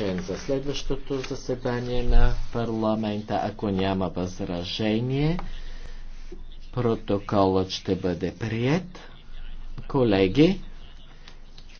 назначен за следващото заседание на парламента. Ако няма възражение, протоколът ще бъде прият. Колеги,